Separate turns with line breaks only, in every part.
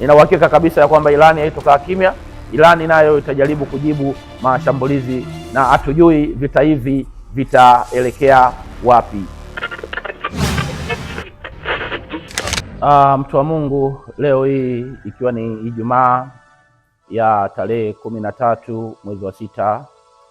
Nina uhakika kabisa ya kwamba Irani haitokaa kimya. Irani nayo itajaribu kujibu mashambulizi, na hatujui vita hivi vitaelekea wapi. Uh, mtu wa Mungu, leo hii ikiwa ni Ijumaa ya tarehe kumi na tatu mwezi wa sita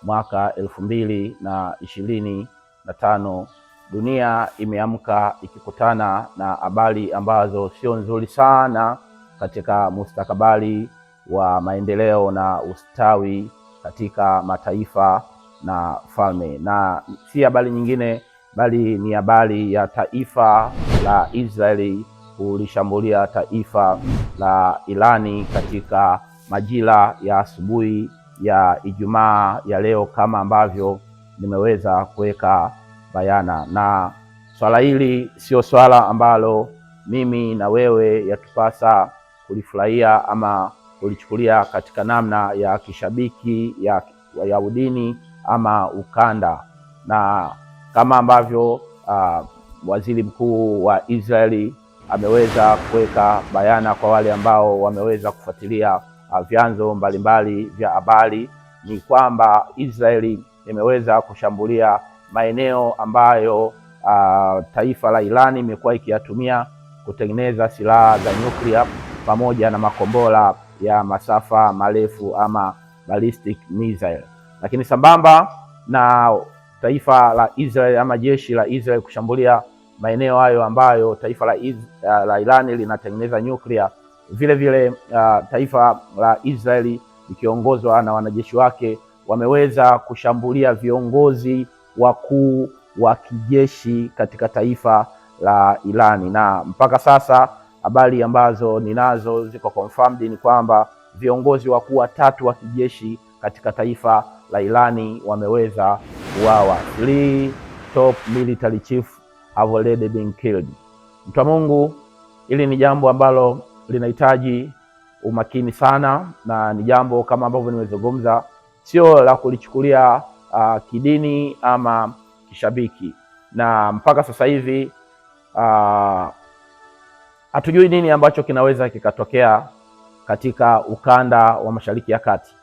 mwaka elfu mbili na ishirini na tano dunia imeamka ikikutana na habari ambazo sio nzuri sana katika mustakabali wa maendeleo na ustawi katika mataifa na falme, na si habari nyingine bali ni habari ya taifa la Israeli kulishambulia taifa la Irani katika majira ya asubuhi ya Ijumaa ya leo, kama ambavyo nimeweza kuweka bayana. Na swala hili sio swala ambalo mimi na wewe yatupasa kulifurahia ama kulichukulia katika namna ya kishabiki ya, Wayahudini udini ama ukanda, na kama ambavyo uh, waziri mkuu wa Israeli ameweza kuweka bayana kwa wale ambao wameweza kufuatilia uh, vyanzo mbalimbali vya habari ni kwamba Israeli imeweza kushambulia maeneo ambayo uh, taifa la Irani imekuwa ikiyatumia kutengeneza silaha za nyuklia pamoja na makombora ya masafa marefu ama ballistic missile. Lakini sambamba na taifa la Israel ama jeshi la Israel kushambulia maeneo hayo ambayo taifa la, iz, uh, eh, la Irani linatengeneza nyuklia, vile vile uh, taifa la Israeli likiongozwa na wanajeshi wake wameweza kushambulia viongozi wakuu wa kijeshi katika taifa la Irani na mpaka sasa Habari ambazo ninazo ziko confirmed ni kwamba viongozi wakuu watatu wa kijeshi katika taifa la Irani wameweza kuuawa. Three top military chief have already been killed. Mtu wa Mungu, hili ni jambo ambalo linahitaji umakini sana, na ni jambo kama ambavyo nimezungumza, sio la kulichukulia uh, kidini ama kishabiki, na mpaka sasa hivi uh, Hatujui nini ambacho kinaweza kikatokea katika ukanda wa Mashariki ya Kati,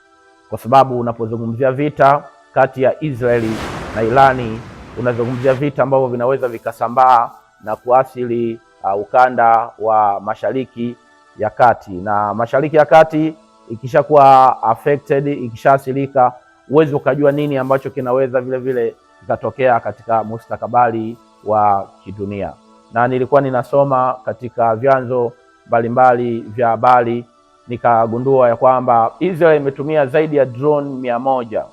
kwa sababu unapozungumzia vita kati ya Israeli na Irani unazungumzia vita ambavyo vinaweza vikasambaa na kuathiri uh, ukanda wa Mashariki ya Kati, na Mashariki ya Kati ikishakuwa affected, ikishaathirika, huwezi ukajua nini ambacho kinaweza vile vile kikatokea katika mustakabali wa kidunia na nilikuwa ninasoma katika vyanzo mbalimbali vya habari, nikagundua ya kwamba Israel imetumia zaidi ya drone mia moja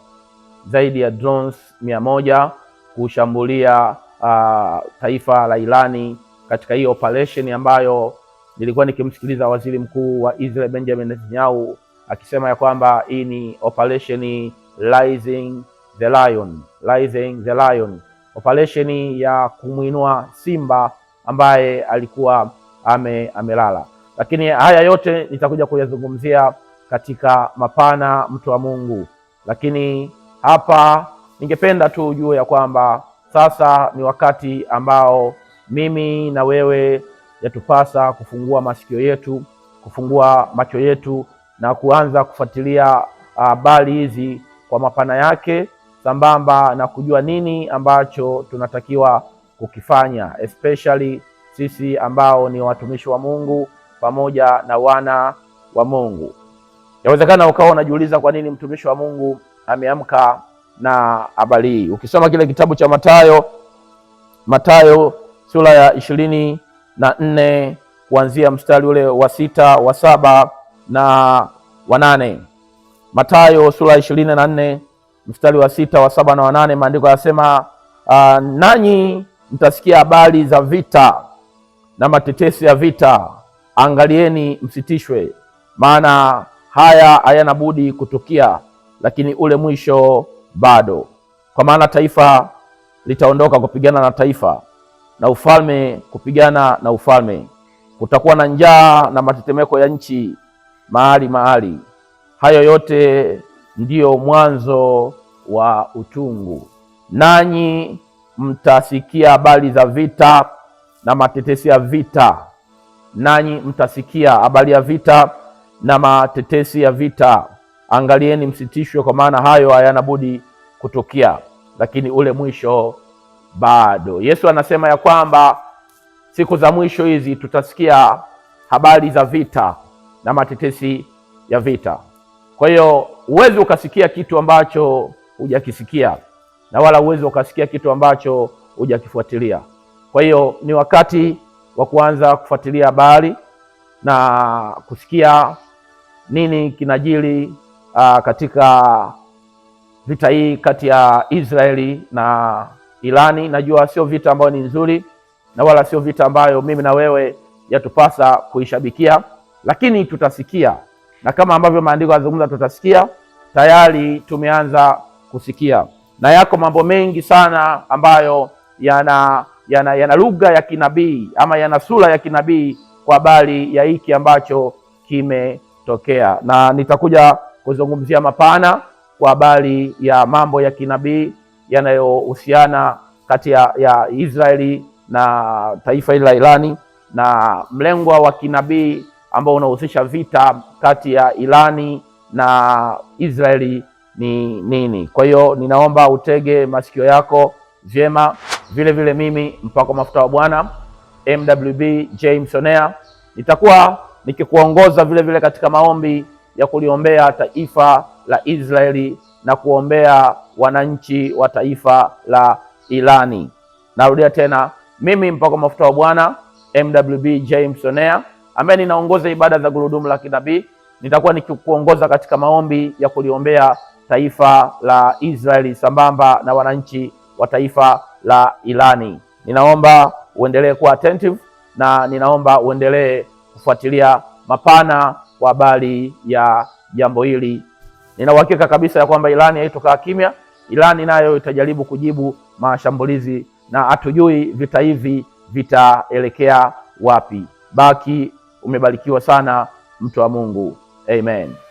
zaidi ya drones mia moja kushambulia uh, taifa la Irani katika hii operation ambayo nilikuwa nikimsikiliza waziri mkuu wa Israel Benjamin Netanyahu akisema ya kwamba hii ni operation Rising the Lion, Rising the Lion, operation ya kumwinua simba ambaye alikuwa ame, amelala. Lakini haya yote nitakuja kuyazungumzia katika mapana, mtu wa Mungu. Lakini hapa ningependa tu ujue ya kwamba sasa ni wakati ambao mimi na wewe yatupasa kufungua masikio yetu, kufungua macho yetu na kuanza kufuatilia ah, habari hizi kwa mapana yake, sambamba na kujua nini ambacho tunatakiwa kukifanya, especially sisi ambao ni watumishi wa Mungu pamoja na wana wa Mungu. Yawezekana ukawa unajiuliza kwa nini mtumishi wa Mungu ameamka na habari hii. Ukisoma kile kitabu cha Mathayo, Mathayo sura ya ishirini na nne kuanzia mstari ule wa sita wa saba na wa nane. Mathayo sura ishirini na nne mstari wa sita wa saba na wanane, maandiko yanasema uh, nanyi mtasikia habari za vita na matetesi ya vita. Angalieni msitishwe, maana haya hayana budi kutukia, lakini ule mwisho bado. Kwa maana taifa litaondoka kupigana na taifa, na ufalme kupigana na ufalme. Kutakuwa na njaa na matetemeko ya nchi mahali mahali. Hayo yote ndiyo mwanzo wa utungu. Nanyi mtasikia habari za vita na matetesi ya vita, nanyi mtasikia habari ya vita na matetesi ya vita. Angalieni msitishwe, kwa maana hayo hayana budi kutukia, lakini ule mwisho bado. Yesu anasema ya kwamba siku za mwisho hizi tutasikia habari za vita na matetesi ya vita. Kwa hiyo huwezi ukasikia kitu ambacho hujakisikia na wala uwezo ukasikia kitu ambacho hujakifuatilia. Kwa hiyo ni wakati wa kuanza kufuatilia habari na kusikia nini kinajiri uh, katika vita hii kati ya Israeli na Irani. Najua sio vita ambayo ni nzuri na wala sio vita ambayo mimi na wewe yatupasa kuishabikia, lakini tutasikia, na kama ambavyo maandiko yanazungumza tutasikia. Tayari tumeanza kusikia na yako mambo mengi sana ambayo yana yana, yana lugha ya kinabii ama yana sura ya kinabii kwa habari ya hiki ambacho kimetokea, na nitakuja kuzungumzia mapana kwa habari ya mambo ya kinabii yanayohusiana kati ya, ya Israeli na taifa hili la Irani na mlengwa wa kinabii ambao unahusisha vita kati ya Irani na Israeli ni nini. Kwa hiyo ninaomba utege masikio yako vyema. Vile vile mimi mpako mafuta wa Bwana MWB James Onea nitakuwa nikikuongoza vile vile katika maombi ya kuliombea taifa la Israeli na kuombea wananchi wa taifa la Irani. Narudia tena, mimi mpako mafuta wa Bwana MWB James Onea ambaye ninaongoza ibada za gurudumu la kinabii nitakuwa nikikuongoza katika maombi ya kuliombea taifa la Israeli sambamba na wananchi wa taifa la Irani. Ninaomba uendelee kuwa attentive na ninaomba uendelee kufuatilia mapana kwa habari ya jambo hili. Nina uhakika kabisa ya kwamba Irani haitokaa kimya. Irani nayo itajaribu kujibu mashambulizi na hatujui vita hivi vitaelekea wapi. Baki umebarikiwa sana mtu wa Mungu. Amen.